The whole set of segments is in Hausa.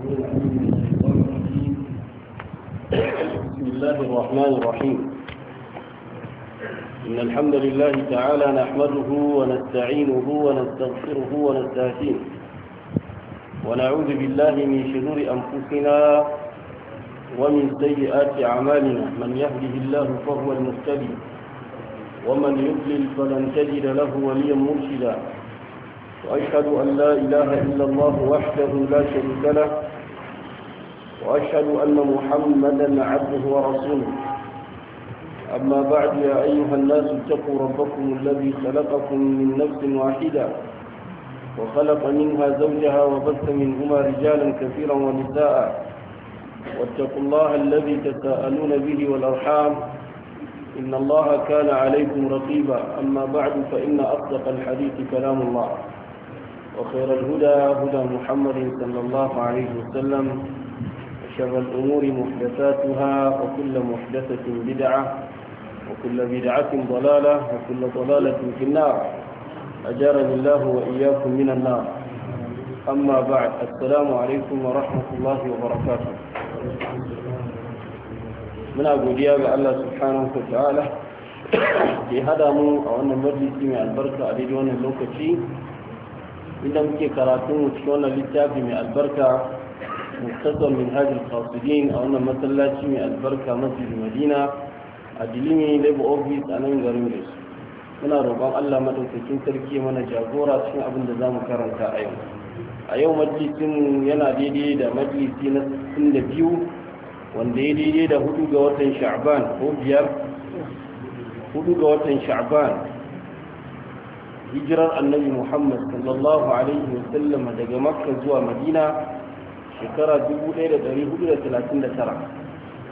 بسم الله الرحمن الرحيم إن الحمد لله تعالى نحمده ونستعينه ونستغفره ونستهديه ونعوذ بالله من شرور أنفسنا ومن سيئات أعمالنا من يهده الله فهو المهتدي ومن يضلل فلن تجد له وليا مرشدا وأشهد أن لا إله إلا الله وحده لا شريك له وأشهد أن محمدا عبده ورسوله أما بعد يا أيها الناس اتقوا ربكم الذي خلقكم من نفس واحدة وخلق منها زوجها وبث منهما رجالا كثيرا ونساء واتقوا الله الذي تساءلون به والأرحام إن الله كان عليكم رقيبا أما بعد فإن أصدق الحديث كلام الله وخير الهدى هدى محمد صلى الله عليه وسلم شر الأمور محدثاتها وكل محدثة بدعة وكل بدعة ضلالة وكل ضلالة في النار أجارني الله وإياكم من النار أما بعد السلام عليكم ورحمة الله وبركاته من أبو دياب الله سبحانه وتعالى في هذا مو أو أن majalisi mai البركة أريدون اللوكة فيه إذا idan muke karatu cikin wannan littafi muktasar min hajjil kasurin a wannan masallaci mai albarka masjid madina a dilimi labor office a nan garin da su muna roƙon allah maɗaukakin sarki mana jagora cikin abin da za mu karanta a yau a yau majalisin yana daidai da majalisi na 62 wanda ya daidai da hudu ga watan sha'ban ko biyar hudu ga watan sha'ban hijirar annabi muhammad sallallahu alaihi wasallam daga makka zuwa madina shekara 1439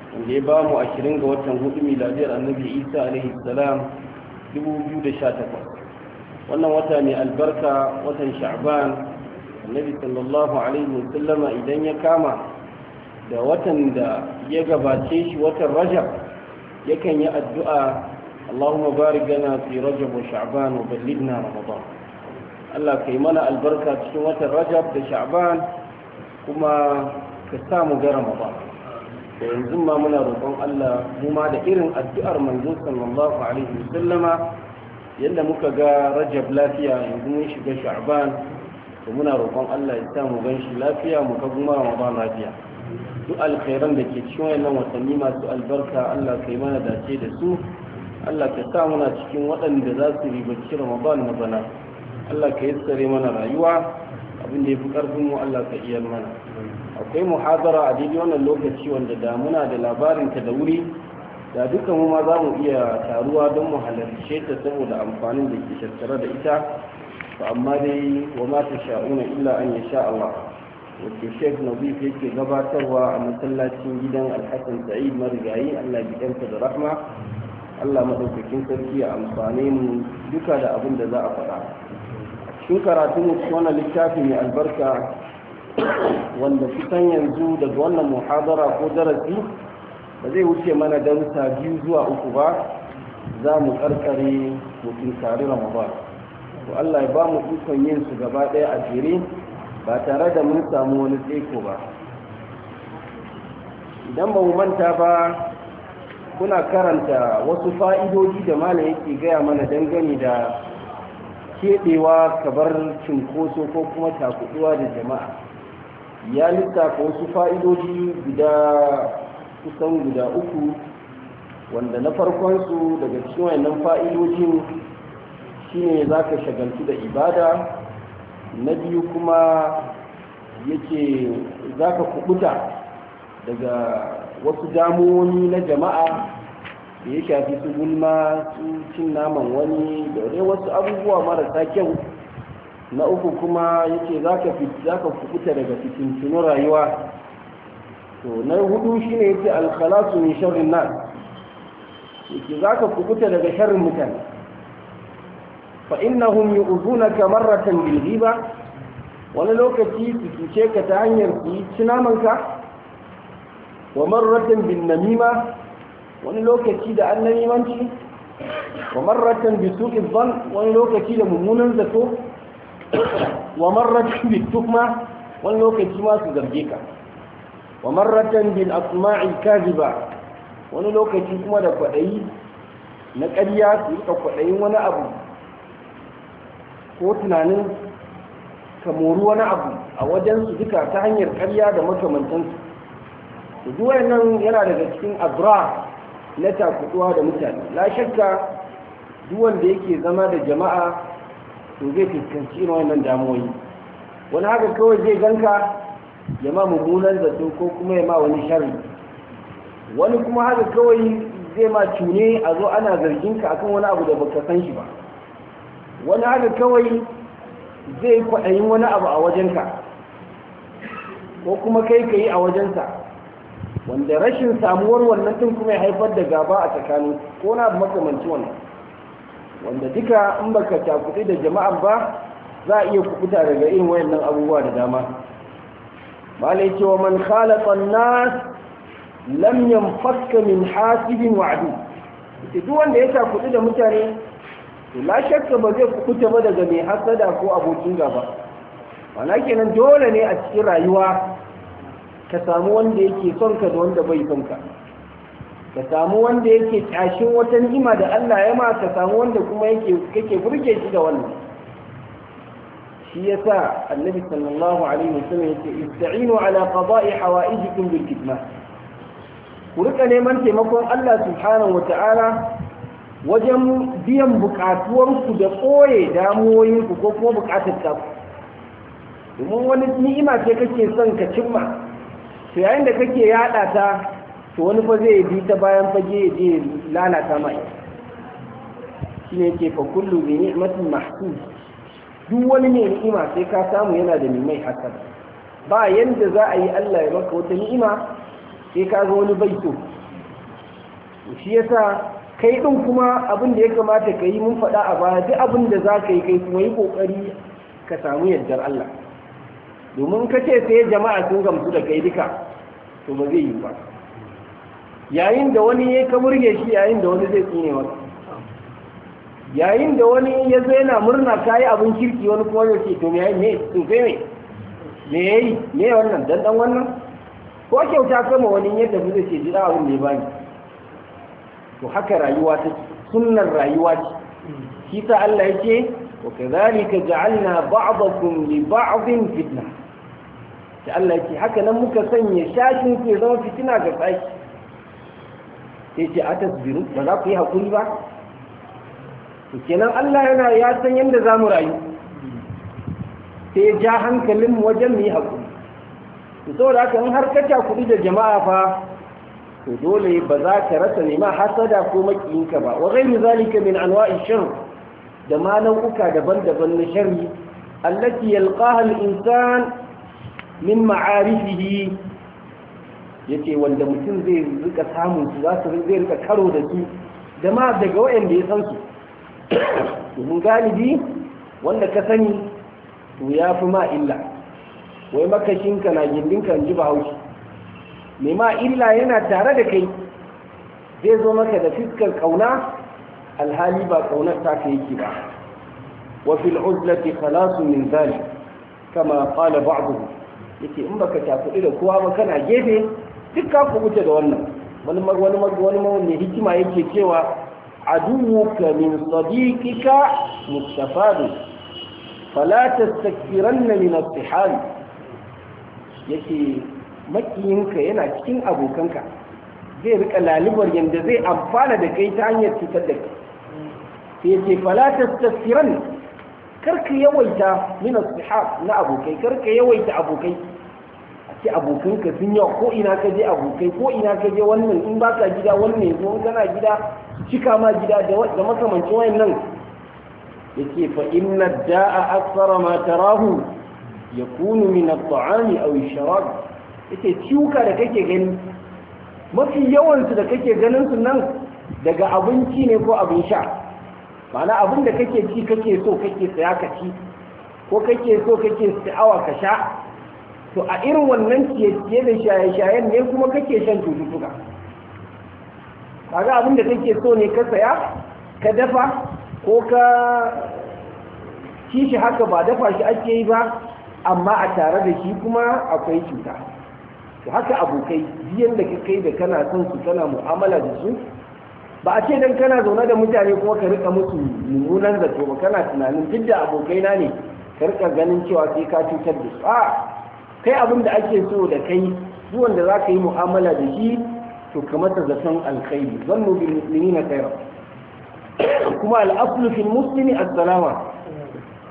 wanda ya ba mu 20 ga watan hudu miladiyar annabi isa alaihi salam 2018 wannan wata ne albarka watan sha'ban annabi sallallahu alaihi wasallama idan ya kama da watan da ya gabace shi watan rajab yakan yi addu'a 'Allahumma اللهم بارك لنا في رجب وشعبان وبلغنا Ramadan.' Allah ka mana albarka cikin watan rajab da sha'ban kuma ka sa mu ga ramadan da yanzu ma muna roƙon Allah mu ma da irin addu'ar manzo sallallahu alaihi wasallama yadda muka ga rajab lafiya yanzu mun shiga sha'ban to muna roƙon Allah ya sa mu ganshi lafiya mu ka kuma ramadan lafiya duk alkhairan da ke cikin wannan watanni masu albarka Allah kai mana dace da su Allah ka sa muna cikin waɗanda za su ribaci ramadan na bana Allah ka yassare mana rayuwa abin da ya fi ƙarfin mu Allah ka iya mana akwai muhazara a daidai wannan lokaci wanda da muna da labarinta da wuri da duka mu ma za mu iya taruwa don mu halarce ta saboda amfanin da ke tattare da ita to amma dai wa ma ta sha'una illa an ya sha Allah wacce Sheikh Nabi yake gabatarwa a masallacin gidan Alhassan Sa'id Marigayi Allah ya da rahma Allah madaukakin sarki ya amfane mu duka da abin da za a faɗa sun karatu mu wannan littafi mai albarka wanda kusan yanzu daga wannan muhadara ko darasi ba zai wuce mana darussa biyu zuwa uku ba za mu karkare mutum tare ramadan to Allah ya ba mu ikon yin su gaba ɗaya a jere ba tare da mun samu wani tseko ba idan ba mu manta ba kuna karanta wasu fa'idodi da malam yake gaya mana dangane da keɓewa bar cinkoso ko kuma takuduwa da jama'a ya littafa wasu fa'idoji guda kusan guda uku wanda na farkonsu daga cikin wannan fa'idojin shine za ka shagaltu da ibada na biyu kuma yake za ka kubuta daga wasu damoni na jama'a da ya shafi su gulma su cin naman wani da wasu abubuwa marasa kyau na uku kuma ce za ka fukuta daga fitintunu rayuwa to na hudu shi ne ce alkhalasu min sharin nan yake za ka fukuta daga sharrin mutane fa innahum yu'zunaka kamar bil ba? wani lokaci su ka ta hanyar su yi cinamanka wa marratan bin namima wani lokaci da annamimanci wa marratan bi su'i dhann wani lokaci da mummunan zato wa marratan bi tuhma wani lokaci ma su zarge ka wa marratan bil asma'i wani kuma da kwadayi wani abu ko tunanin ka a wajen zika ta hanyar karya da makamantansu duk nan yana daga cikin abra na takutuwa da mutane la shakka duk wanda yake zama da jama'a to zai fuskanci irin wannan damuwoyi wani haka kawai zai ganka ya ma mummunan zato ko kuma ya ma wani sharri wani kuma haka kawai zai ma cune a zo ana zargin ka akan wani abu da baka san shi ba wani haka kawai zai kwaɗayin wani abu a wajenka ko kuma kai ka yi a wajensa wanda rashin samuwar wannan tun kuma ya haifar da gaba a tsakanin ko na makamanci wannan wanda duka in baka cakuɗi da jama'a ba za a iya kukuta daga irin wayannan abubuwa da dama malai cewa man khalaqa an-nas lam yanfakka min hasibin wa adu duk wanda ya takuɗi da mutane to la shakka ba zai kukuta ba daga mai hasada ko abokin gaba wana kenan dole ne a cikin rayuwa ka samu wanda yake son ka da wanda bai son ka ka samu wanda yake tashin wata ni'ima da Allah ya ma ka samu wanda kuma yake kake burge shi da wannan shi yasa annabi sallallahu alaihi wasallam yace ista'inu ala qada'i hawaijikum bil kitman ku rika neman taimakon Allah subhanahu wata'ala wajen biyan bukatuwarku da koye damuwoyinku ko kuma bukatar ta domin wani ni'ima ce kake son ka cimma to yayin da kake yada ta to wani fa zai bi ta bayan fage ya je lalata mai shi ne ke fa kullu bi ni'matin mahsus duk wani ne ni'ima sai ka samu yana da mai hakan ba yanda za a yi Allah ya maka wata ni'ima sai ka ga wani baito shi yasa kai din kuma abin da ya kamata ka yi mun faɗa a baya duk abin da za ka yi kai kuma yi ƙoƙari ka samu yardar Allah domin ka ce sai jama'a sun gamsu da kai duka to ba zai yi ba yayin da wani ya ka burge shi yayin da wani zai tsine maka yayin da wani ya zo yana murna kayi abin kirki wani kuma ya ce to me ne to sai me me yayi me wannan dan dan wannan ko kyauta kama wani ya tafi zai ce jira abin da ya bani to haka rayuwa ta sunnar rayuwa ce shi ta Allah ya ce wa kadhalika ja'alna ba'dakum li ba'din fitna da Allah ce haka nan muka sanya shashin ke zama fitina ga tsaki ce a tasbiru ba za ku yi hakuri ba to kenan Allah yana ya san za zamu rayu sai ya ja hankalin mu wajen mu yi hakuri to saboda haka in har ka ta da jama'a fa to dole ba za ka rasa nema hasada ko makiyinka ba wa ghairu zalika min anwa'i shirk da ma nau'uka daban-daban na sharri allati yalqaha al-insan min ma'arifihi yace wanda mutum zai rika samun su za su zai rika karo da su da ma daga wayanda ya san su mun galibi wanda ka sani to ya fi ma illa wai makashinka na gindinka in ji ba haushi mai ma illa yana tare da kai zai zo maka da fiskar kauna alhali ba kaunar ta ka yake ba wa fil uzlati khalasun min zalik kama qala ba'dhum yake in baka tafi da kowa ba kana gefe duk ka wuce da wannan wani wani wani wani hikima yake cewa aduwuka min sadiqika mustafadu fala tastakiranna min as yake makiyinka yana cikin abokanka zai rika lalibar yanda zai amfana da kai ta hanyar cutar da kai sai ce fala tastakiranna karka yawaita min ashab na abokai karka yawaita abokai a ce abokanka sun yawa ko ina ka je abokai ko ina ka je wannan in baka gida wannan in kana gida cika ma gida da makamancin wayannan yake fa inna da'a aksara ma tarahu yakunu min at-ta'ami aw ash-sharab yake ciuka da kake gani mafi yawansu da kake ganin su nan daga abinci ne ko abin sha mana abin da kake ci kake so kake saya ka ci ko kake so kake sha'awa ka sha to a irin wannan ciye-ciye da shaye shaye ne kuma kake shan cututtuka kaga abin da kake so ne ka saya ka dafa ko ka ci haka ba dafa shi ake yi ba amma a tare da shi kuma akwai cuta to haka abokai biyan da kai da kana son su kana mu'amala da su ba a ce dan kana zaune da mutane kuma ka rika musu mummunan zato ba kana tunanin duk da abokai na ne ka rika ganin cewa sai ka cutar da su a kai abin da ake so da kai duk wanda za ka yi mu'amala da shi to ka masa zaton alkhairi zannu bil muslimina khairan kuma al'aslu fil muslimi as-salama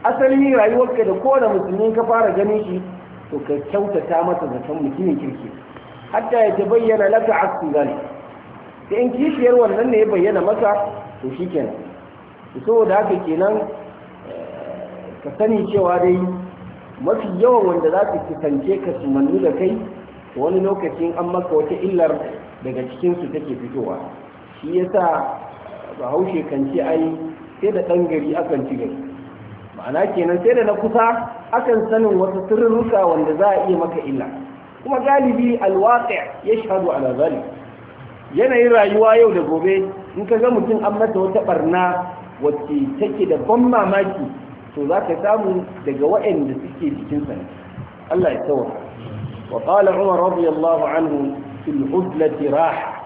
asali rayuwarka da kowane musulmi ka fara ganin shi to ka kyautata masa zaton mutumin kirki hatta ya ta bayyana laka asu zalika sai in kishiyar wannan ne ya bayyana masa to shi kenan saboda haka kenan eh, ka sani cewa dai mafi yawan wanda za su kusance ka su manu da kai wani lokacin an maka wata illar daga cikin su take fitowa shi yasa eh, bahaushe kan ce ai sai da ɗan gari akan ci gari ma'ana kenan sai da na kusa akan sanin wasu sirruka wanda za a iya maka illa kuma galibi alwaqi ya ala zalim yanayin rayuwa yau da gobe in ka ga mutum an mata wata barna wacce take da ban mamaki to za ka samu daga waɗanda suke cikin sa Allah ya tsawo wa qala Umar radiyallahu anhu fil udlati raha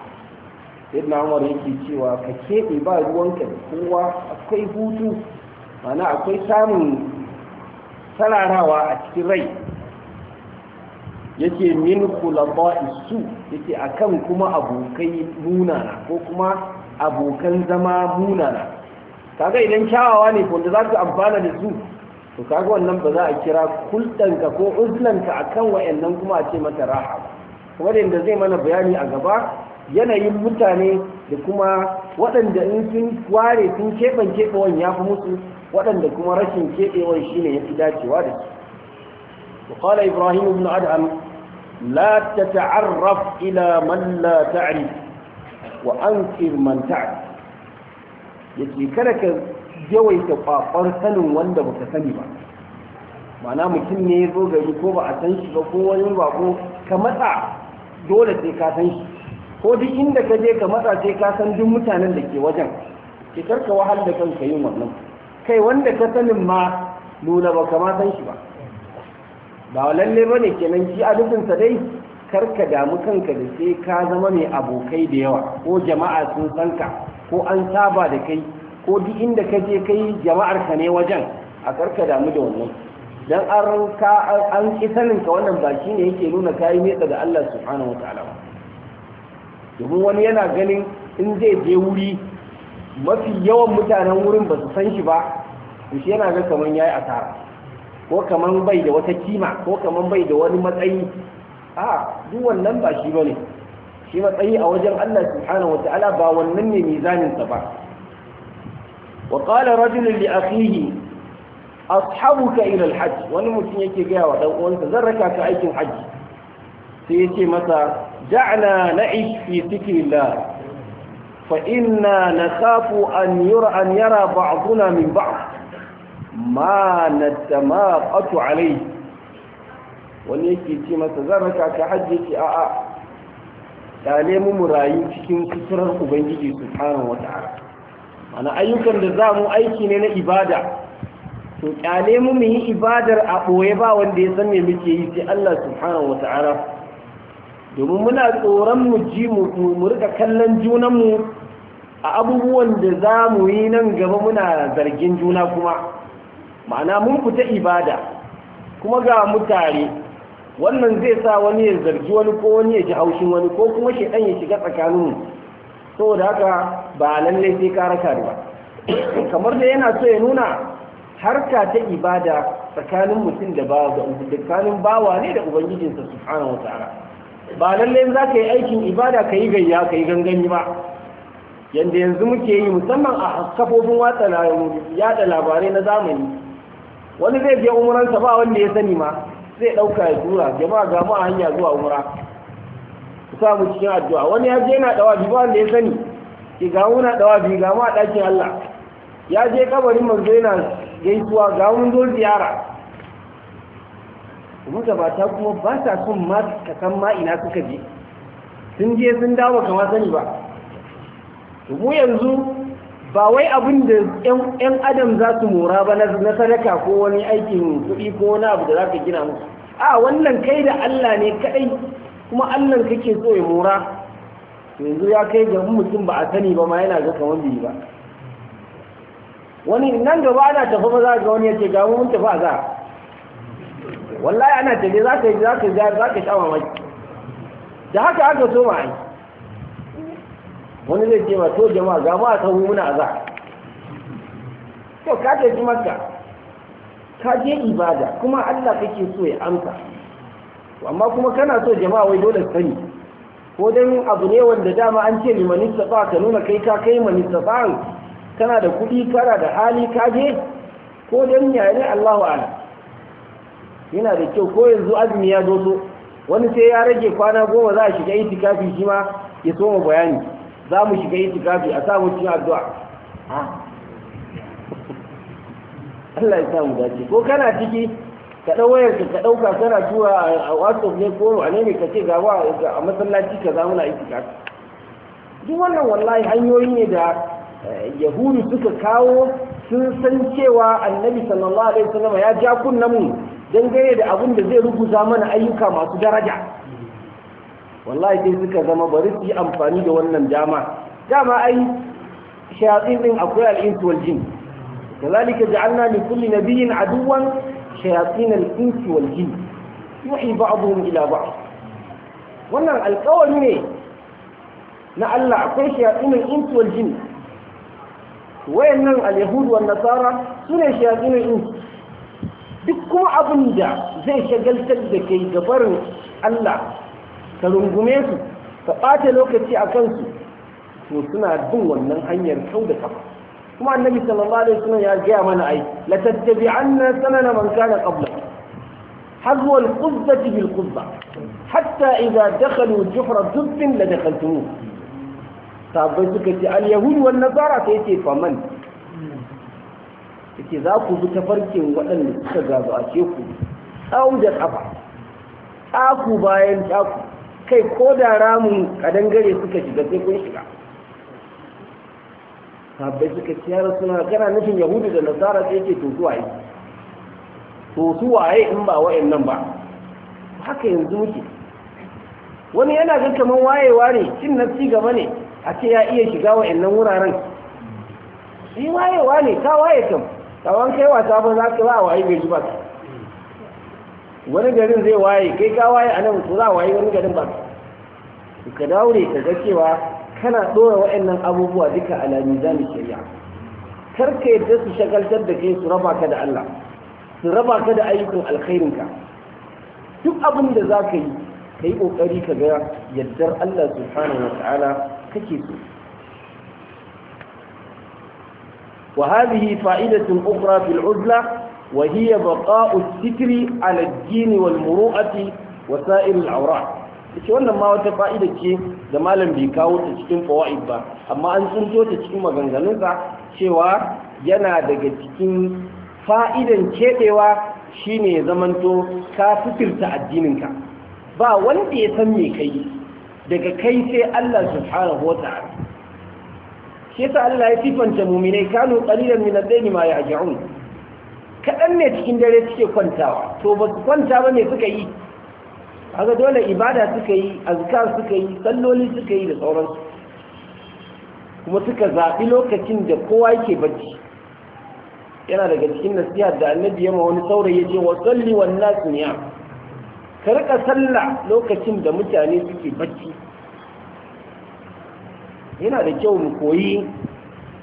ibn Umar yake cewa ka keɓe ba ruwanka da kowa akwai hutu mana akwai samun sararawa a cikin rai yake min kulaba isu yake akan kuma abokai munana ko kuma abokan zama munana kaga idan kyawawa ne wanda za ka amfana da su to kaga wannan ba za a kira kultanka ko uzlanka akan wayannan kuma a ce mata raha kuma da yadda zai mana bayani a gaba yanayin mutane da kuma waɗanda in sun ware sun keɓe keɓewan ya fi musu waɗanda kuma rashin keɓewan shine ya fi dacewa da su وقال إبراهيم بن أدهم لا تتعرف إلى من لا تعرف وأنكر من تعرف يتي كلك جوي تقاطر سنو وند بكسني با معنى mutum ne ya zo gari ko ba دولة san shi ko duk inda ka je ka matsa sai ka san duk mutanen da ke wajen ki karka wahal da kanka yin wannan kai wanda ka sanin ma nuna ba ka ma san shi ba ba lalle bane kenan shi a sa dai karka damu kanka da sai ka zama mai abokai da yawa ko jama'a sun san ka ko an saba da kai ko duk inda ka je kai jama'ar ka ne wajen a karka damu da wannan dan an ka an ki ka wannan ba ne yake nuna kai meta da Allah subhanahu wataala ba domin wani yana ganin in zai je wuri mafi yawan mutanen wurin ba su san shi ba shi yana ga kamar yayi asara ko kaman bai da wata kima ko kaman bai da wani matsayi a duk wannan ba shi bane shi matsayi a wajen Allah subhanahu wataala ba wannan ne mizanin sa ba wa qala rajul li akhihi ashabuka ila hajj wani mutum yake ga wa dan uwansa zan raka ka aikin haji sai yace masa da'na na'ish fi dhikrillah fa inna nakhafu an yura an yara ba'duna min ba'd ma na tamaqatu alai wani yake ce masa zan ta ka hajji ce a a ta mu mu rayu cikin suturar ubangiji su wata ara ana ayyukan da za mu aiki ne na ibada to kyale mu mu yi ibadar a ɓoye ba wanda ya san me muke yi sai Allah subhanahu ta'ala domin muna tsoron mu ji mu mu rika kallon junan mu a abubuwan da za mu yi nan gaba muna zargin juna kuma ma'ana mun fita ibada kuma ga mutare wannan zai sa wani ya zargi wani ko wani ya ji haushin wani ko kuma ɗan ya shiga tsakanin saboda haka ba lalle sai ka kare ba kamar da yana so ya nuna harka ta ibada tsakanin mutum da ba ga tsakanin bawa ne da ubangijinsa wata ara ba lalle za ka yi aikin ibada ka yi gayya ka yi gangami ba yanda yanzu muke yi musamman a kafofin watsa yada labarai na zamani wani zai je umuransa ba wanda ya sani ma zai ɗauka ya tura jama'a ga ma hanya zuwa umura. ku samu cikin addu'a wani ya je yana dawa ba wanda ya sani ki ga mu na dawa bi ga mu a ɗakin Allah ya je kabarin manzo yana gaisuwa ga mun zo ziyara magabata kuma ba sa son ma ka san ma ina suka je sun je sun dawo kamar sani ba mu yanzu ba wai abin da ‘yan adam za su mora ba na sadaka ko wani aikin kuɗi ko wani abu da za ka gina musu a wannan kai da Allah ne kaɗai kuma Allah kake so ya mora yanzu ya kai ga mutum ba a sani ba ma yana ga kamar biyu ba wani nan gaba ana tafi ba za ga wani ya ce ga mun tafi a za wallahi ana tafi za ka yi za ka yi za ka sha mamaki da haka aka so ma aiki wani zai ce ma to jama'a ga ma ta muna azhar to ka ji makka ka je ibada kuma Allah kake so ya amsa amma kuma kana so jama'a wai dole sani ko dan abu ne wanda dama an ce limanin safa ka nuna kai ka kai manin safa kana da kuɗi kana da hali ka je ko dan yayi Allahu a'lam yana da kyau ko yanzu azumi ya zo wani sai ya rage kwana goma za a shiga itikafi shi ma ya soma bayani za mu shiga yi tikafi a samun cin addu'a Allah ya samu dace ko kana ciki ka ɗau wayar ka ɗauka kana tura a whatsapp ne ko a ne ka ce ga wa a masallaci ka za muna itika duk wannan wallahi hanyoyi ne da eh, yahudu suka kawo sun san cewa annabi sallallahu alaihi wasallam ya ja kunna mu dangane da abin da zai ruguza mana ayyuka masu daraja wallahi sai suka zama bari su yi amfani da wannan dama dama ai shayatin din akwai al'insu wal jin kazalika ja'alna li kulli nabiyyin aduwan shayatin al-insi wal jin yuhi ba'dhum ila ba'd wannan alƙawari ne na Allah akwai shayatin al-insi wal jin wayannan al-yahud wan nasara sune shayatin al-insi duk kuma abin da zai shagaltar da kai gabarin Allah ka rungume su ka ɓata lokaci a kansu to suna bin wannan hanyar kau da kafa kuma annabi sallallahu alaihi wasallam ya gaya mana ai la tattabi'anna sanana man kana qabla حذو القبة بالقبة حتى إذا دخلوا جحر ذب لدخلتموه sahabbai suka ce al-yahud wal nasara sai ce faman yake za ku bi ta tafarkin waɗanda suka gazo a ku tsawo da ƙafa Ɗaku bayan tsaku kai ko da ramin kadangare suka shiga sai kun shiga sabbai suka ce suna kana nufin yahudu da nasara sai ke to tutuwaye. waye to in ba nan ba haka yanzu muke wani yana ga kamar wayewa ne cin na gaba ne a ce ya iya shiga nan wuraren shi wayewa ne ta waye kam tsawon kai wasa ba za ka ba a waye gari ba wani garin zai waye kai ka waye a nan to za a waye wani garin ba ka daure ka ga cewa kana ɗora waɗannan abubuwa duka a lamizanin shari'a kar ka yadda su shagaltar da kai su raba ka da Allah su raba ka da ayyukan alkhairinka duk abin da za ka yi ka yi ƙoƙari ka ga yaddar Allah subhanahu wa ta'ala kake so وهذه فائدة أخرى في العزلة وهي بقاء الستر على الدين والمروءة وسائر العورات ce wannan ma wata fa'ida ce da malam bai kawo ta cikin fawaid ba amma an tsinto ta cikin maganganunsa cewa yana daga cikin fa'idan keɓewa shine ya zamanto ka fikirta addininka ba wanda ya san me kai daga kai sai Allah subhanahu wata'ala shi yasa Allah ya sifanta mu'minai kanu qalilan min ad-dayni ma ya'ja'un kadan ne cikin dare suke kwantawa to ba su kwanta bane suka yi haka dole ibada suka yi azkar suka yi salloli suka yi da sauransu kuma suka zaɓi lokacin da kowa yake bacci yana daga cikin nasiha da annabi yamma wani saurayi ya ce wa salli wa nasu niya ka rika sallah lokacin da mutane suke bacci yana da kyau mu koyi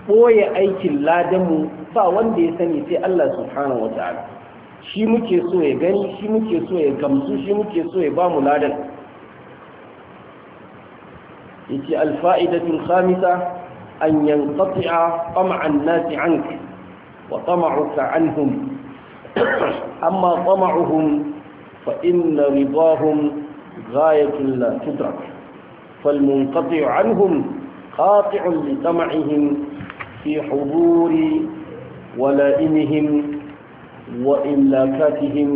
ɓoye aikin ladanmu ba wanda ya sani sai Allah subhanahu wa ta'ala shi muke so ya gani shi muke so ya gamsu shi muke so ya ba mu ladan yace alfa'idatul khamisa an yanqati'a tama'an nasi anka wa tama'uka anhum amma tama'uhum fa inna ridahum ghayatun la tudrak فالمنقطع li قاطع fi في wala ولائمهم وإملاكاتهم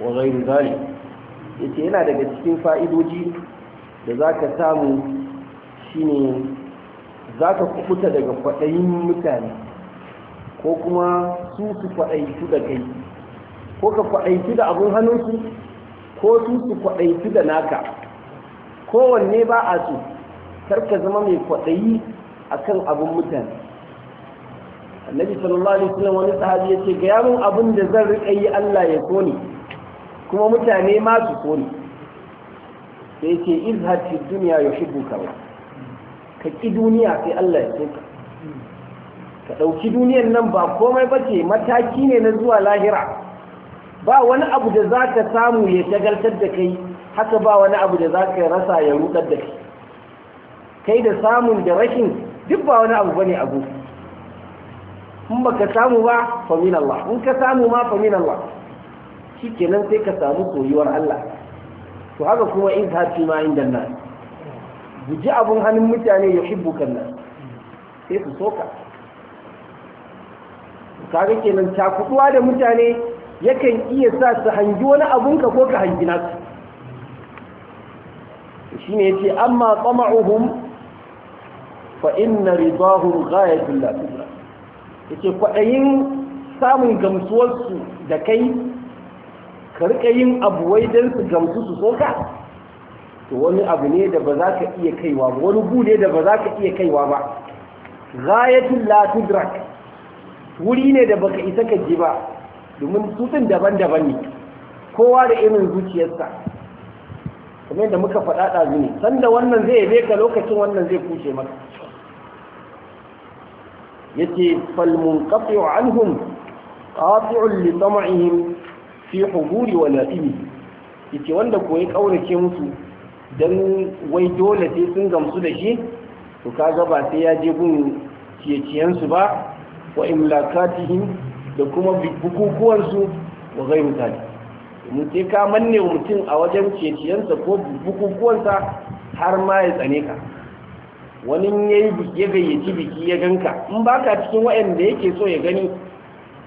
وغير ذلك ce yana daga cikin fa'idoji da za ka samu shine za ka kukuta daga kwaɗayin mutane ko kuma su su kwaɗaitu da kai ko ka kwaɗaitu da abin hannunsu ko su su kwaɗaitu da naka kowanne ba a su karka zama mai kwaɗayi a kan abin mutane annabi sallallahu alaihi wasallam wani sahabi ya ce gaya min abin da zan riƙa yi Allah ya so ni kuma mutane ma su so ni sai ce izhar fi dunya yuhibbuka ka ki duniya sai Allah ya so ka ka ɗauki duniyar nan ba komai ba ce mataki ne na zuwa lahira ba wani abu da za ka samu ya tagartar da kai haka ba wani abu da za ka rasa ya rudar da kai kai da samun da rashin duk ba wani abu bane ne a in ba ka samu ba famin Allah in ka samu ma famin Allah shi kenan sai ka samu koyuwar Allah to haka kuma in ka fi ma inda nan guji abun hannun mutane ya shibbu kan nan sai su soka kaga kenan takuduwa da mutane yakan iya sa su hangi wani abun ka ko ka hangi nasu shi ne ya ce amma tsama'uhum fa inna ridahum ghayatul lafiya yake kwaɗayin samun gamsuwarsu da kai ka rika yin abu wai don su gamsu su soka to wani abu ne da ba za ka iya kaiwa ba wani bude da ba za ka iya kaiwa ba ghayatul la tudrak wuri ne da baka isa ka je ba domin tutun daban-daban ne kowa da irin zuciyarsa kamar da muka faɗaɗa zuni sanda wannan zai yabe ka lokacin wannan zai kuce maka yace fal munqati'u anhum qati'un li tam'ihim fi huburi wa la'imi yace wanda koyi kaurace musu dan wai dole sai sun gamsu da shi to kaga ba sai ya je gun ciyaciyan su ba wa imlakatihim da kuma bukukuwan su wa ghairu zalik mun sai ka manne mutum a wajen ciyaciyansa ko bukukuwansa har ma ya tsane ka wani yayi biki ya gayyaci biki ya ganka in ba ka cikin waɗanda yake so ya gani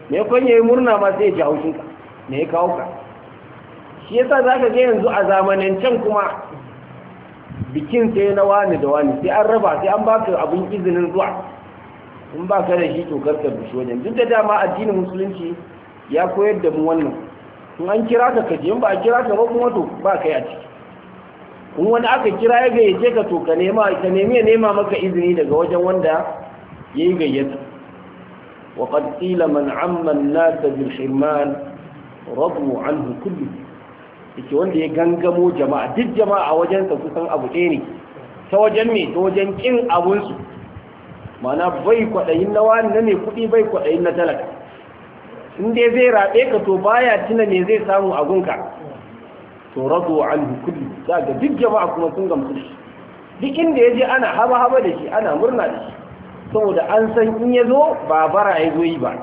me kwanye murna ma sai ya ji haushinka mai me ya kawo ka shi yasa zaka ga yanzu a zamanancen kuma bikin sai na wani da wani sai an raba sai an ba ka abin izinin zuwa in ba ka da shi to karka bishi wajen duk da dama addinin musulunci ya koyar da mu wannan in an kira ka kaje in ba a kira ka ba kuma to ba kai a ciki in wani aka kira ya gayyace ka to ka nema ka nemi ya nema maka izini daga wajen wanda ya yi gayyata wa qad qila man amma an-nas bil hirman radu anhu kullu yake wanda ya gangamo jama'a duk jama'a a wajen sa kusan abu ɗaya ne ta wajen me ta wajen kin abun su mana bai kwaɗayin na wani ne kuɗi bai kwaɗayin na talaka in dai zai raɓe ka to baya tuna me zai samu a gunka to an hukuli za ga duk jama'a kuma sun gamsu shi duk inda ya je ana haba haba da shi ana murna da shi saboda an san in ya zo ba bara ya zo yi ba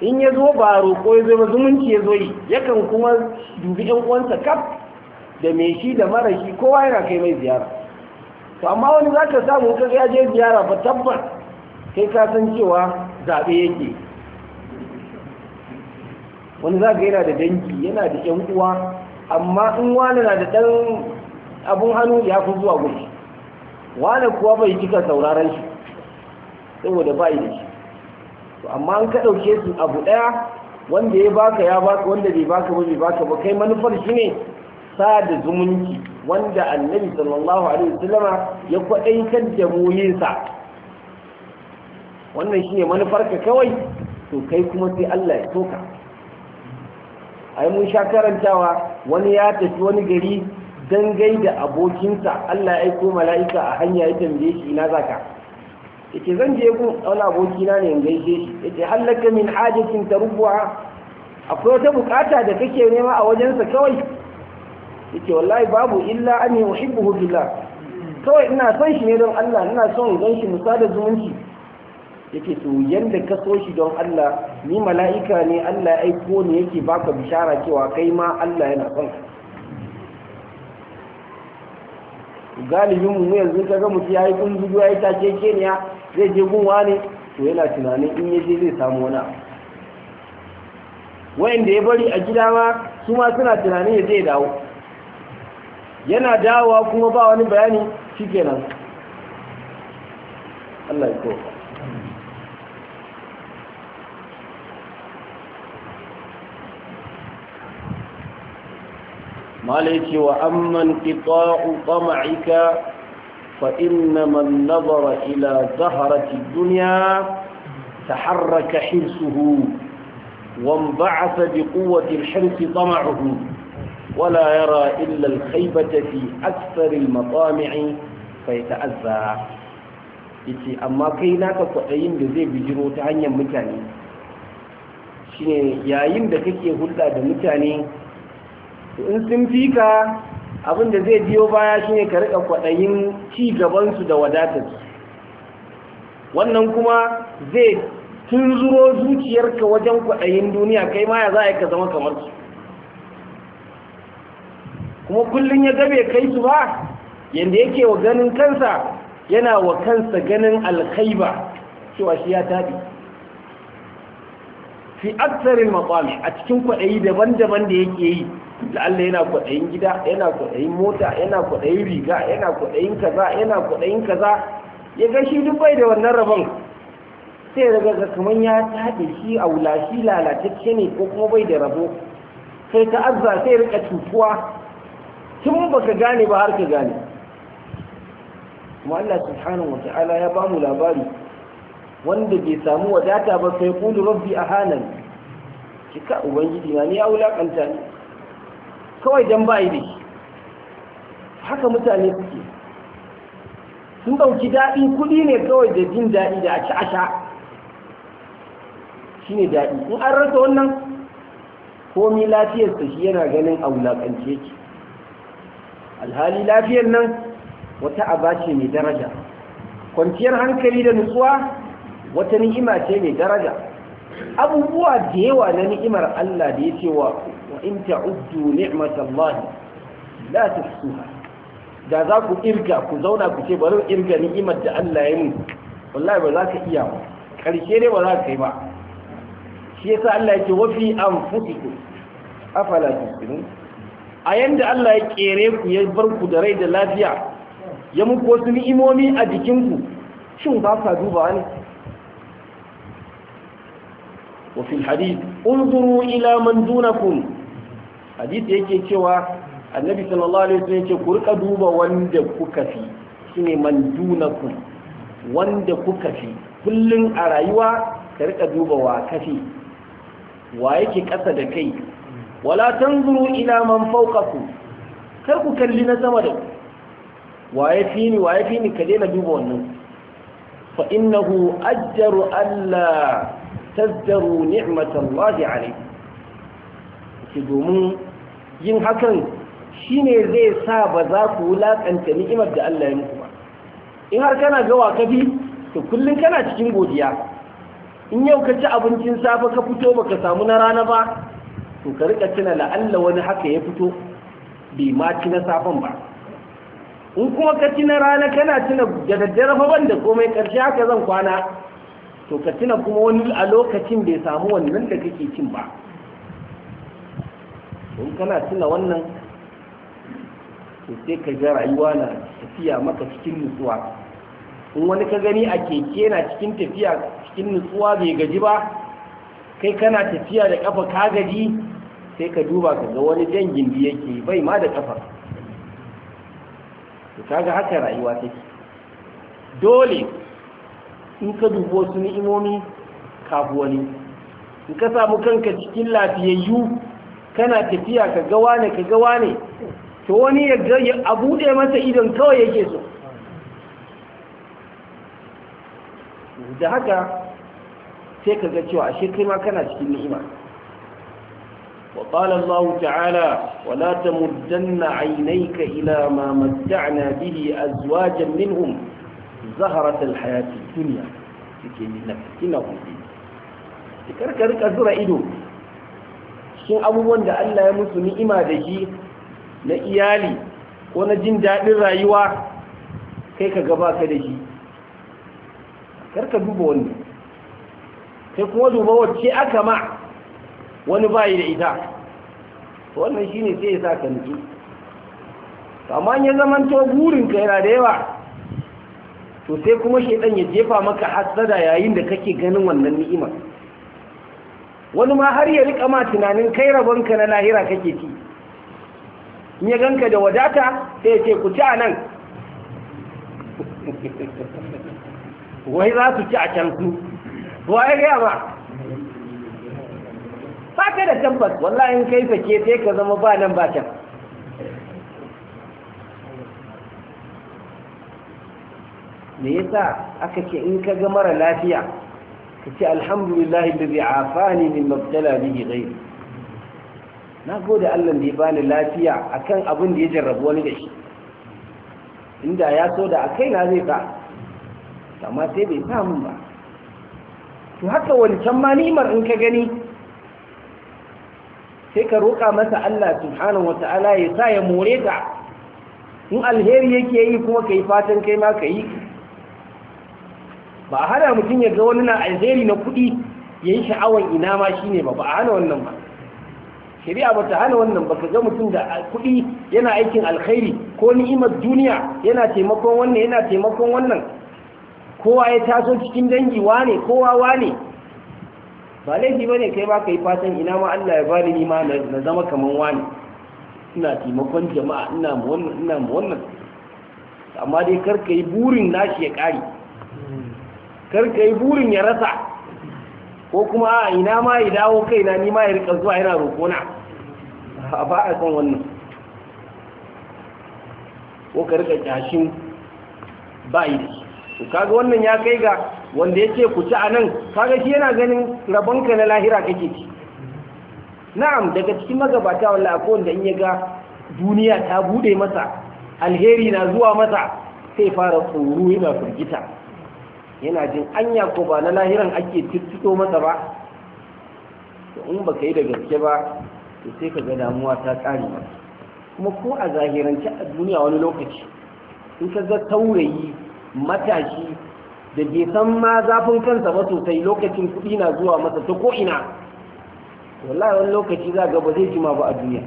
in ya zo ba roƙo ya zo ba zumunci ya zo yi yakan kuma dubi ɗan uwansa kaf da mai shi da mara shi kowa yana kai mai ziyara to amma wani za ka samu ka ya je ziyara ba tabbas kai ka san cewa zaɓe yake wani za ka yana da dangi yana da ƴan uwa amma in wane na da ɗan abin hannu ya fi zuwa gudu wane kuwa bai cika sauraron shi saboda bai da shi amma an ka ɗauke su abu ɗaya wanda ya baka ya baka wanda bai baka ba bai baka ba kai manufar shi ne sada zumunci wanda annabi sallallahu alaihi wasallama ya kwaɗaitar da mu wannan shi ne ka kawai to kai kuma sai Allah ya a ai mun sha karantawa wani ya tafi wani gari don gaida abokinsa Allah ya aiko mala'ika a hanya ya tambaye shi ina zaka Yake zan je gun wani abokina ne in gaishe shi yace hallaka min hajatin tarbuha akwai wata bukata da kake nema a wajensa kawai Yake wallahi babu illa an yuhibbu billah kawai ina son shi ne don Allah ina son in shi mu sada zumunci yake to yanda ka so shi don Allah ni mala'ika ne Allah ya aiko ni yake baka bishara cewa kai ma Allah yana son ka galibin mu yanzu kaga mutum yayi kunzugu yayi take keniya zai je gun ne to yana tunanin in ya je zai samu wani abu wayanda ya bari a gida ma su ma suna tunanin ya zai dawo yana dawowa kuma ba wani bayani shikenan Allah ya malai ce wa amman qita'u tama'ika fa inna man nazara ila zaharati dunya taharraka hirsuhu وانبعث بقوة الحرص طمعه ولا يرى إلا fi في أكثر المطامع ta'azza. yace amma kai naka kwaɗayin da zai bijiro ta hanyar mutane shine yayin da kake hulɗa da mutane in sun fi ka abin da zai biyo baya shine ka rika kwaɗayin ci gabansu da wadatar wannan kuma zai tunzuro zuciyarka wajen kwaɗayin duniya kai ma ya za a ka zama kamar su kuma kullum ya gabe kai su ba yadda yake wa ganin kansa yana wa kansa ganin alkaiba cewa shi ya tafi fi aksarin matsami a cikin kwaɗayi daban-daban da yake yi la'alla yana kwaɗayin gida yana kwaɗayin mota yana kwaɗayin riga yana kwaɗayin kaza yana kwaɗayin kaza ya ga shi duk bai da wannan rabon sai daga ga kamar ya taɗe shi a wulashi lalatacce ne ko kuma bai da rabo sai ta azza sai rika cutuwa tun baka gane ba har ka gane kuma Allah subhanahu ta'ala ya bamu labari wanda bai samu wadata ba sai qulu rabbi ahanan kika ubangiji na ni ya wulakanta ni kawai don bayi da shi haka mutane suke sun ɗauki daɗi kuɗi ne kawai da jin daɗi da aci asha shi ne daɗi in an rasa wannan komi lafiyarsa shi yana ganin a wulaƙance ki alhali lafiyar nan wata aba ce mai daraja kwanciyar hankali da nutsuwa wata ni'ima ce mai daraja abubuwa da yawa na ni'imar Allah da ya ce wa in ta'uddu ni'matallahi la tuhsuha da za ku irga ku zauna ku ce bari irga ni'imar da Allah ya yi wallahi ba za ka iya ba karshe ne ba za ka yi ba shi yasa Allah yake wa fi anfusikum afala tusirun a yanda Allah ya kere ku ya bar ku da rai da lafiya ya muku wasu ni'imomi a jikinku shin ba ka duba ne وفي الحديث انظروا إلى من دونكم hadisi yake cewa annabi sallallahu alaihi wasallam yake ku rika duba wanda kuka fi shine man dunakum wanda kuka fi kullun a rayuwa ka rika duba wa kafi wa yake kasa da kai wala tanzuru ila man fawqakum kar ku kalli na sama da ku wa yafi ni wa yafi ni ka daina duba wannan fa innahu ajjaru alla tazdaru ni'matallahi alaykum ki domin yin hakan shi ne zai sa ba za ku wulakanta ni'imar da Allah ya muku ba in har kana gawa ka bi to kullum kana cikin godiya in yau ka ci abincin safe ka fito baka samu na rana ba to ka rika tuna la'alla wani haka ya fito bai ma ci na safen ba in kuma ka ci na rana kana tuna da daddare fa ban da komai karshe haka zan kwana to ka tuna kuma wani a lokacin bai samu wannan da kake cin ba in kana tuna wannan sai ka ga rayuwa na tafiya maka cikin nutsuwa in wani ka gani a keke na cikin tafiya cikin nutsuwa bai gaji ba kai kana tafiya da kafa ka gaji sai ka duba ka ga wani jan gindi yake bai ma da kafa Ka kaga haka rayuwa take dole in ka dubo su ni'imomi kafuwani, in ka samu kanka cikin lafiyayyu kana tafiya ka gawa ne ka gawa ne to wani ya a buɗe masa idon kawai yake so da haka sai ka ga cewa ashe kai ma kana cikin ni'ima wa qala Allah ta'ala wa la tamuddanna 'aynayka ila ma matta'na bihi azwajan minhum zaharat al-hayati dunya cikin nafsina kun karka rika zura ido cikin abubuwan da Allah ya musu ni'ima da shi na iyali ko na jin daɗin rayuwa kai ka gaba ka da shi karka duba wani sai kuma duba wacce aka ma wani bayi da ita wannan shi ne sai ya sa ka nufi amma ya zamanto burinka yana da yawa to sai kuma shaidan ya jefa maka hasada yayin da kake ganin wannan ni'imar wani ma har ya rika ma tunanin kai rabonka na lahira kake ci in ya ganka da wadata sai ce ku ci a nan wai za su ci a can su wa ya gaya ba? ba ka da tabbas wallahi kai sake sai ka zama ba nan ba can me yasa aka ce in ka ga mara lafiya kace alhamdulillah alladhi afani min mabtala bihi ghayri na gode Allah da ya bani lafiya akan abin da ya jarrabu wani da shi inda ya so da akai na zai ba amma sai bai samu ba to haka wancan ma ni'imar in ka gani sai ka roƙa masa Allah subhanahu wata'ala ya sa ya more ta in alheri yake yi kuma kai fatan kai ma ka yi ba a hana mutum ya ga wani na alheri na kuɗi ya yi sha'awar ina ma shi ne ba ba a hana wannan ba shari'a ba ta hana wannan ba ka ga mutum da kuɗi yana aikin alkhairi ko ni'imar duniya yana taimakon wannan yana taimakon wannan kowa ya taso cikin dangi wane kowa wane ba laifi ba ne kai ba ka yi fatan ina ma Allah ya bani ni ma na zama kaman wane. ina taimakon jama'a ina mu wannan ina wannan amma dai kar ka yi burin nashi ya ƙari karka yi burin ya rasa ko kuma a ina ma ya dawo kaina ni ma ya rika zuwa yana roƙona a ba a son wannan ko ka kyashin bayi da kaga wannan ya kai ga wanda ya ce ku ci a nan kaga shi yana ganin rabonka na lahira kake ci na'am daga cikin magabata wallahi akwai wanda in ya ga duniya ta bude masa alheri na zuwa masa sai fara tsoro yana firgita yana jin anya ko ba na lahiran ake tuttuto masa ba to in baka yi da gaske ba to sai ka ga damuwa ta kare ba kuma ko a zahirance a duniya wani lokaci in ka ga taurayi matashi da bai san ma zafin kansa ba sosai lokacin kuɗi na zuwa masa ta ko'ina wallahi wani lokaci za ga ba zai jima ba a duniya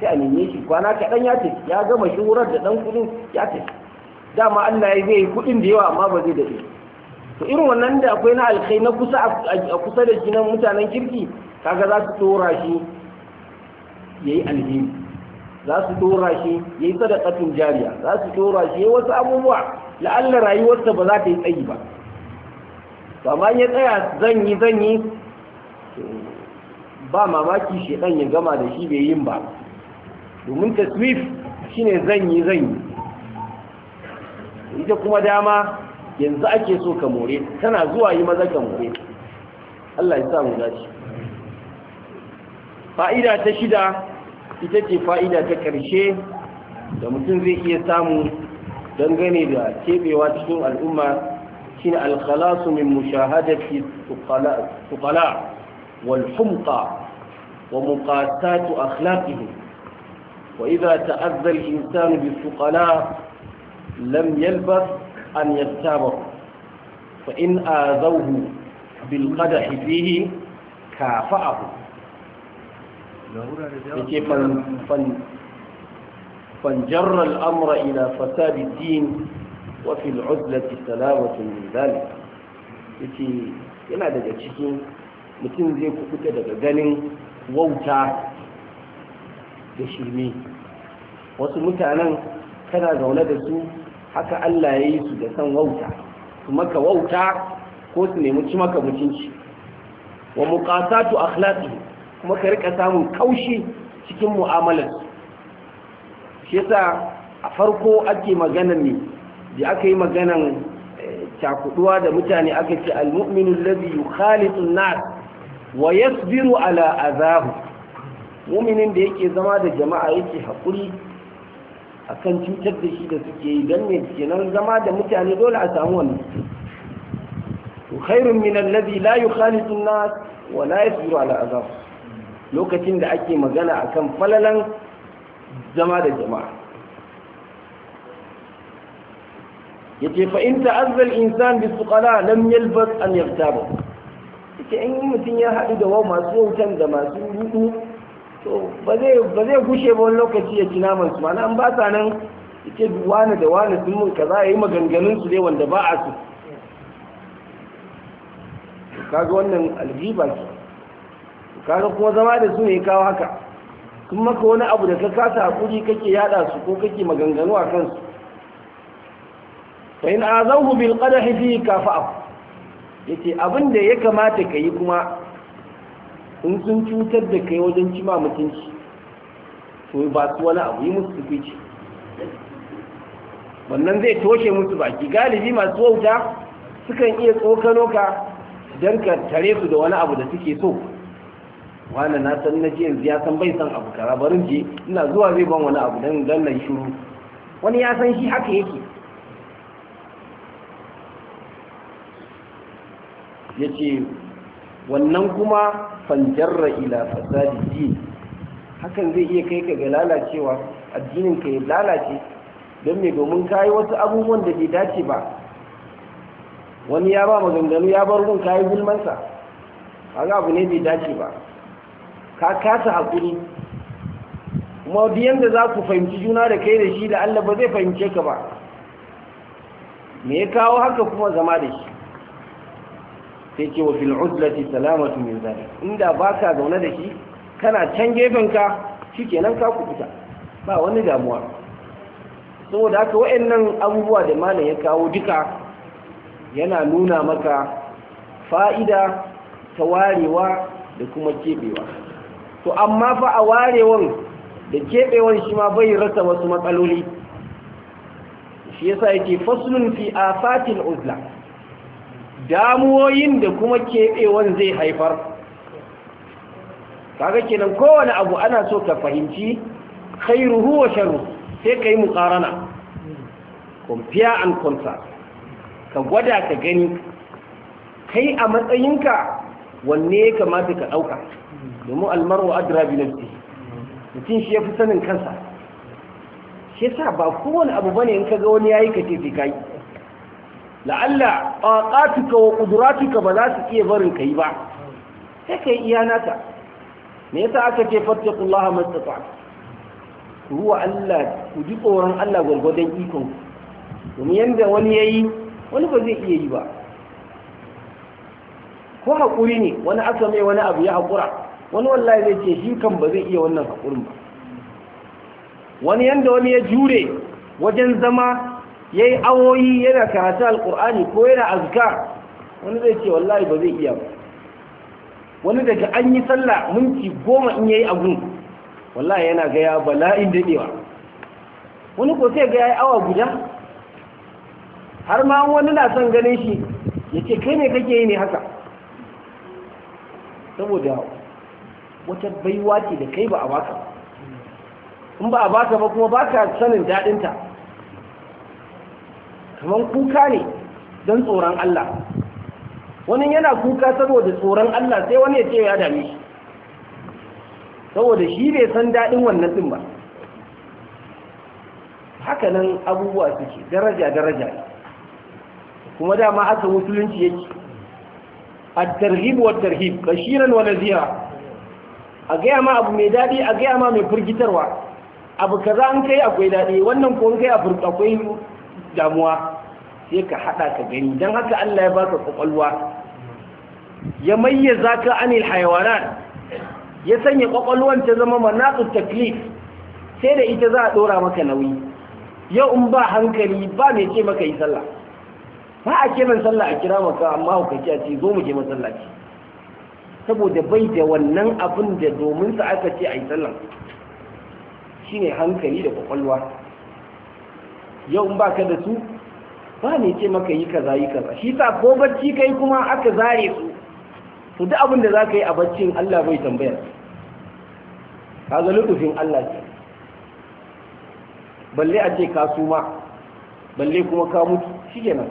sai a neme shi kwana kaɗan ya tafi ya gama shuhurar da ɗan kuɗin ya tafi dama Allah ya zai yi kuɗin da yawa amma ba zai daɗe to irin wannan da akwai na alkai na kusa a kusa da jinan mutanen kirki kaga za su tora shi ya yi za su tora shi ya yi jariya za su tora shi ya wasu abubuwa la'alla rayuwarsa ba za ta yi tsayi ba amma ya tsaya zan yi zan yi ba mamaki shedan ya gama da shi bai yin ba domin taswif shine zan yi zan yi ita kuma dama yanzu ake so ka more tana zuwa yi maza ka more Allah ya samu dace fa'ida ta shida ita ce fa'ida ta ƙarshe da mutum zai iya samu dangane da kebewa cikin al'umma shine alkhalasu min mushahadati tuqala wal humqa wa muqatatu akhlaqihim wa idha ta'azza al-insanu bi tuqala lam yalbas an yattabahu fa in azawhu bil qadah fihi kafa'ahu yake fan fan fan jarra al-amra ila fasad din wa fi al-'uzlati salawatun min yana daga cikin mutum zai kukuta daga ganin wauta da shirme wasu mutanen kana zaune da su haka Allah ya yi su da san wauta su maka wauta ko su nemi ci maka mutunci wa muqasatu akhlaqi kuma ka rika samun kaushi cikin mu'amalar shi yasa a farko ake magana ne da aka yi maganan eh, cakuduwa da mutane aka ce almu'minu alladhi yukhalitu an-nas wa yasbiru ala azahu mu'minin da yake zama da jama'a yake hakuri akan cutar da shi da suke yi don ne kenan zama da mutane dole a samu wannan to khairun min alladhi layu yukhalitu an wa la yasiru ala lokacin da ake magana akan falalan zama da jama'a Ya fa in ta'azza insan bi suqala lam yalbas an Ya ce in mutum ya haɗu da wa masu yautan da masu rudu to ba zai gushe ba wani lokaci ya ci naman su mana an ba sa nan ita wani da wani sun mun kaza ya yi maganganun su dai wanda ba a su kaga wannan aljiba ce kaga kuma zama da su ne kawo haka sun maka wani abu da ka kasa hakuri kake yada su ko kake maganganu a kansu fa in azawhu bil qadahi fi kafa'u yace abin da ya kamata kai kuma in sun cutar da kai wajen cima mutunci to ba su wani abu yi musu fice wannan zai toshe musu baki galibi masu wauta sukan iya tsokano ka don ka tare su da wani abu da suke so wani na san na ce yanzu ya san bai san abu kara barin je ina zuwa zai ban wani abu don gannan shuru wani ya san shi haka yake ya ce wannan kuma fanjarra ila fasadi din hakan zai iya kai ka ga lalacewa addinin ka ya lalace don me domin kayi wasu abubuwan da bai dace ba wani ya ba maganganu ya bar gun kayi gulmansa kaga abu ne bai dace ba ka kasa hakuri kuma biyan da za ku fahimci juna da kai da shi da Allah ba zai fahimce ka ba me ya kawo haka kuma zama da shi sai ce wa fil salamatu min zalik inda baka zaune da shi kana can gefen ka shikenan ka fita ba wani damuwa saboda haka wayannan abubuwa da mana ya kawo duka yana nuna maka fa'ida ta warewa da kuma kebewa to amma fa a warewan da kebewan shi ma bai rasa wasu matsaloli shi yasa yake faslun fi fatin uzla damuwoyin da kuma keɓewan zai haifar kaga kenan kowane abu ana so ka fahimci kai ruhu wa sharu sai ka yi mukarana kumfiya and contrast ka gwada ka gani kai a matsayinka wanne ya kamata ka ɗauka domin almaru a bi mutum shi ya fi sanin kansa shi sa ba kowane abu bane in ka ga wani ya yi ka ce ka kai la'alla ƙaƙatuka wa ƙuduratika ba za su iya barin ka yi ba sai ka yi iya nata me yasa aka ce fattakullaha mastafa ku ruwa Allah ku ji tsoron Allah gwargwadon ikon domin yadda wani ya yi wani ba zai iya yi ba ko haƙuri ne wani aka mai wani abu ya haƙura wani wallahi zai ce shi kan ba zai iya wannan haƙurin ba wani yadda wani ya jure wajen zama ya yi awoyi yana karatu alkur'ani ko yana azkar wani zai ce wallahi ba zai iya ba wani daga an yi sallah minti goma in ya yi abu wallahi yana gaya bala'in daɗewa wani ko sai ga yi awa guda har ma wani na son ganin shi ya ce kai ne kake yi ne haka saboda wata baiwa ce da kai ba a baka in ba a baka ba kuma baka sanin daɗinta kamar kuka ne don tsoron Allah wani yana kuka saboda tsoron Allah sai wani ya ce ya dame shi saboda shi bai san daɗin wannan ɗin ba haka nan abubuwa suke daraja-daraja kuma dama aka musulunci yake a tarhib wa tarhib kashiran wa nazira a gaya ma abu mai daɗi a gaya ma mai firgitarwa abu kaza an kai akwai daɗi wannan ko kai akwai damuwa sai ka haɗa ka gani don haka Allah ya baka kwakwalwa ya mayyaza ka anil hayawanan ya sanya kwakwalwan ta zama manaqut taklif sai da ita za a ɗora maka nauyi yau in ba hankali ba mai ce maka yi sallah ba a kiran sallah a kira maka amma ku a ce zo mu je masallaci saboda bai da wannan abin da domin sa aka ce a yi sallah shine hankali da kwakwalwa yau in baka da su ba ne ce maka yi kaza yi kaza shi sa ko bacci kai kuma aka zare su su duk abin da za ka yi a baccin Allah bai tambaya ka ga lukufin Allah ce balle a ce ka suma balle kuma ka mutu shi kenan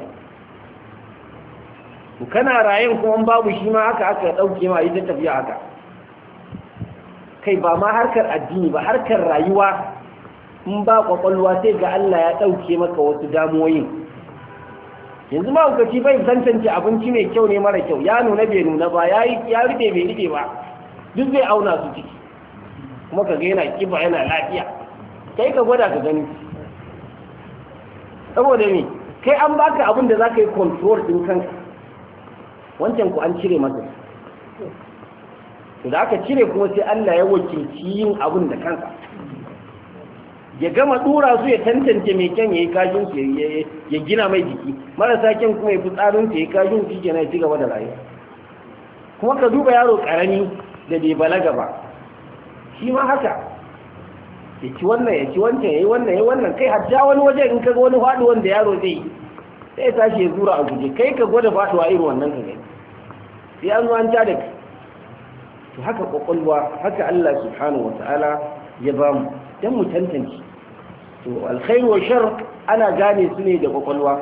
kana rayan kuma babu shi ma aka aka dauke ma ta tafiya haka kai ba ma harkar addini ba harkar rayuwa in ba kwakwalwa sai ga Allah ya dauke maka wasu damuwoyin yanzu ma hukaci bai tantance abinci mai kyau ne mara kyau ya nuna bai nuna ba ya yi rike bai rike ba duk zai auna su ciki kuma ka ga yana kiba yana lafiya kai ka gwada ka gani saboda me kai an baka abin da zaka yi control din kanka wancan ku an cire masa to da aka cire kuma sai Allah ya wakilci yin abin da kanka ya gama dura su ya tantance mai kyan yayi kajin su ya gina mai jiki marasa kyan kuma ya fi tsarin su ya kashin su kenan ya ci gaba da rayuwa kuma ka duba yaro karami da bai balaga ba shi ma haka ya ci wannan ya ci wancan ya yi wannan ya wannan kai hajja wani waje in ka ga wani haɗu wanda yaro zai yi sai ya tashi ya zura a guje kai ka gwada a irin wannan ka gani sai an zo an ja da kai to haka kwakwalwa haka Allah subhanahu wa ta'ala ya bamu. dan mu tantance to alkhairu wa shar ana gane su ne da kwakwalwa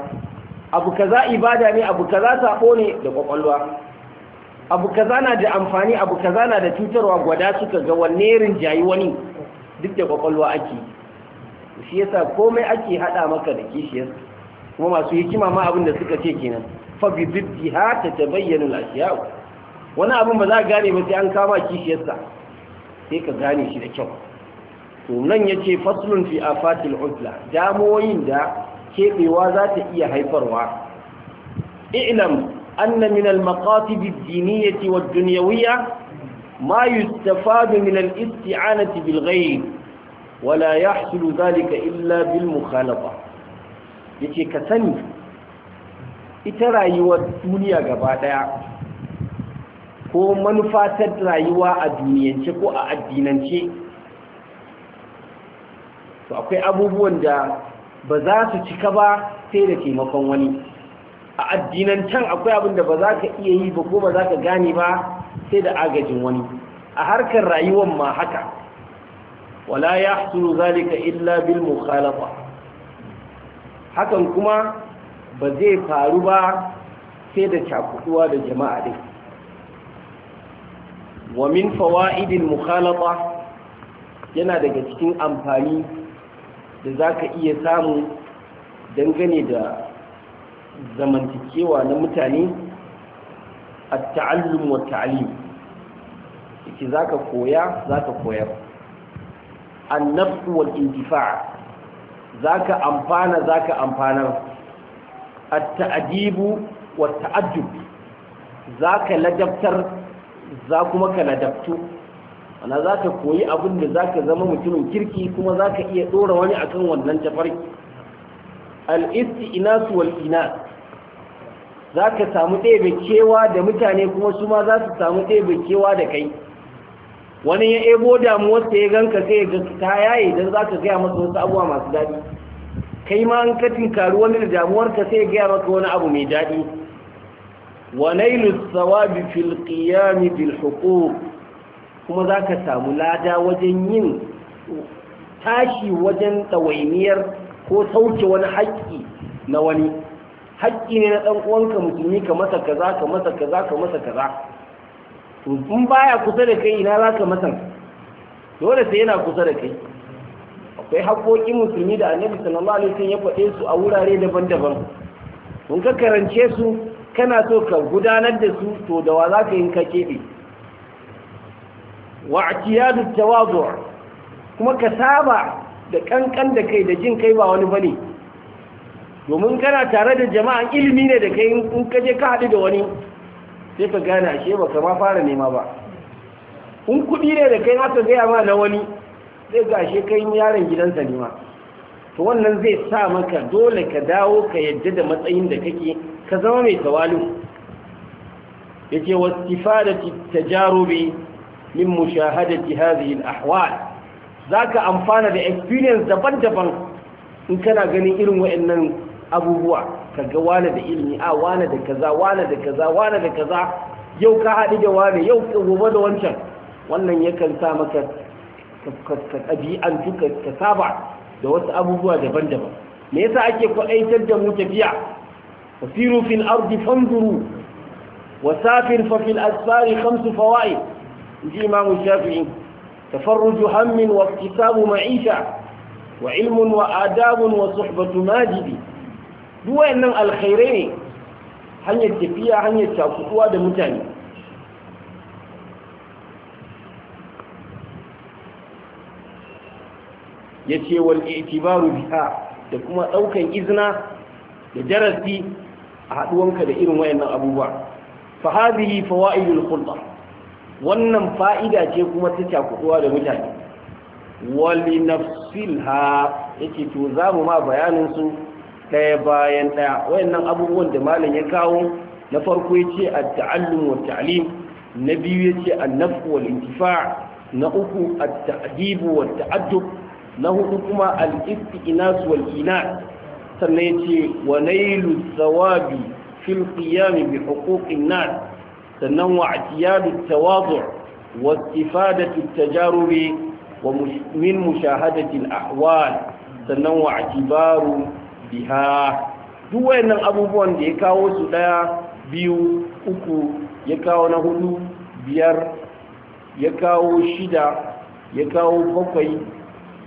abu kaza ibada ne abu kaza sabo ne da kwakwalwa abu kaza na da amfani abu kaza na da cutarwa gwada suka ga wanne rinjayi wani duk da kwakwalwa ake shi yasa komai ake hada maka da kishiyar kuma masu hikima ma abin da suka ce kenan fa bi ta tatabayyanu al-ashiya wani abin ba za ka gane ba sai an kama kishiyarsa sai ka gane shi da kyau to nan yace faslun fi afatil uzla damoyin da keɓewa za ta iya haifarwa i'lam anna min al maqatib ad diniyyah wad ma yustafadu min al isti'anati bil ghayb wala yahsul dhalika illa bil mukhalafa yace ka sani ita rayuwar duniya gaba daya ko manufatar rayuwa a duniyance ko a addinance to akwai abubuwan da ba za su cika ba sai da taimakon wani a addinan can akwai abin da ba za ka iya yi ba ko ba za ka gane ba sai da agajin wani a harkar rayuwar ma haka wala ya suru zalika illa bil mukhalafa hakan kuma ba zai faru ba sai da cakuduwa da jama'a din wa min fawaidil mukhalafa yana daga cikin amfani da za ka iya samu dangane da zamantakewa na mutane a ta'allum wa ta'alim yake za ka koya za ka koyar annabtu wal intifa za ka amfana za ka amfanar a ta'adibu wa ta'adubu za ka ladabtar za kuma ka ladabtu ana za ka koyi abin da za ka zama mutumin kirki kuma za ka iya ɗora wani a kan wannan tafarki al'isti ina su wal'ina za ka samu ɗebe kewa da mutane kuma su ma za su samu ɗebe kewa da kai wani ya ebo ta ya ganka sai ga ta yaye don za ka gaya masa wasu abuwa masu daɗi kai ma an katin karu wani da damuwar ka sai gaya maka wani abu mai daɗi wa nailu tsawabi fil ya bil huquq kuma za ka samu lada wajen yin tashi wajen tsawainiyar ko sauke wani haƙƙi na wani haƙƙi ne na ɗan uwanka musulmi ka masa kaza ka masa kaza ka masa kaza za in baya kusa da kai ina za ka masa dole sai yana kusa da kai akwai haƙoƙin musulmi da annabi sallallahu alaihi ya faɗe su a wurare daban-daban kun ka karance su kana so ka gudanar da su to da wa za ka yi ka keɓe wa aqiyadu tawadu kuma ka saba da kankan da kai da jin kai ba wani bane domin kana tare da jama'an ilimi ne da kai in ka je ka haɗu da wani sai ka gane ashe ba ka ma fara nema ba in kuɗi ne da kai aka gaya ma na wani zai ga ashe kai yaron gidansa ne ma to wannan zai sa maka dole ka dawo ka yadda da matsayin da kake ka zama mai tawalu yace wastifadati tajarubi min mushahadati hadhihi al-ahwal zaka amfana da experience daban-daban in kana ganin irin wayannan abubuwa kaga wani da ilimi a wani da kaza wani da kaza wani da kaza yau ka haɗu da wani yau gobe da wancan wannan yakan sa maka ka ɗabi'antu ka saba da wasu abubuwa daban-daban me yasa ake kwaɗaitar da mu tafiya fasiru fil ardi fanzuru wasafir fa fil asfari khamsu fawaid ji imamu shafi'i tafarruju hammin wa kisabu ma'isha wa ilmun wa adabun wa suhbatu majidi duk wayannan alkhairai ne hanyar tafiya hanyar takutuwa da mutane yace wal i'tibaru biha da kuma daukan izna da darasi a haduwanka da irin wayannan abubuwa fa hadhihi fawaidul khuldah wannan fa'ida ce kuma ta cakuduwa da mutane wali ha yake to za mu ma bayanin su ɗaya bayan ɗaya wayannan abubuwan da malam ya kawo na farko ya ce a ta'allum wa ta'alim na biyu ya ce a nafi wa intifa na uku a ta'adibu wa ta'addub na hudu kuma al'isti ina su wal'ina. sannan ya ce wa nailu thawabi fil qiyam bi hukukin sannan wa atiyadu tawadu wa istifadatu tajarubi wa min mushahadati al-ahwal sannan wa atibaru biha duk wayannan abubuwan da ya kawo su daya biyu uku ya kawo na hudu biyar ya kawo shida ya kawo bakwai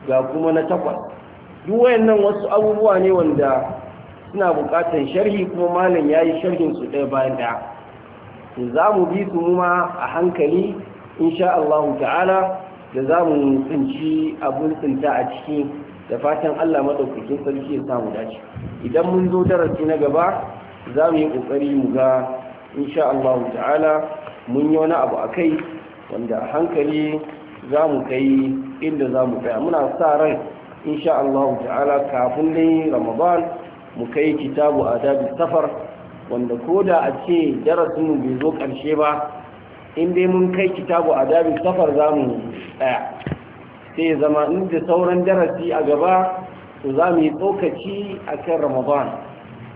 ga kuma na takwas duk wayannan wasu abubuwa ne wanda suna bukatar sharhi kuma malam yayi sharhin su daya bayan daya to za mu bi su ma a hankali insha Allah ta'ala da za mu tsinci abun tsinta a ciki da fatan Allah maɗaukacin sarki ya samu dace idan mun zo darasi na gaba za mu yi ƙoƙari mu ga insha Allah ta'ala mun yi wani abu a kai wanda a hankali za mu kai inda za mu kai muna sa ran insha Allah ta'ala kafin dai Ramadan mu kai kitabu adabi safar wanda ko da a ce darasin bai zo ƙarshe ba in dai mun kai kitabu a dabi safar za mu tsaya sai zama inda sauran darasi a gaba to za mu yi tsokaci a kan ramadan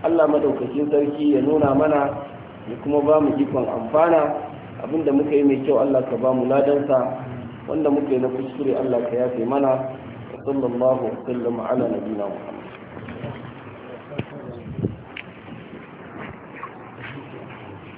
allah maɗaukacin sarki ya nuna mana ya kuma ba mu ikon amfana abinda muka yi mai kyau allah ka ba mu ladansa wanda muka yi na kuskure allah ka yafe mana wa sallallahu wa sallam ala nabina muhammad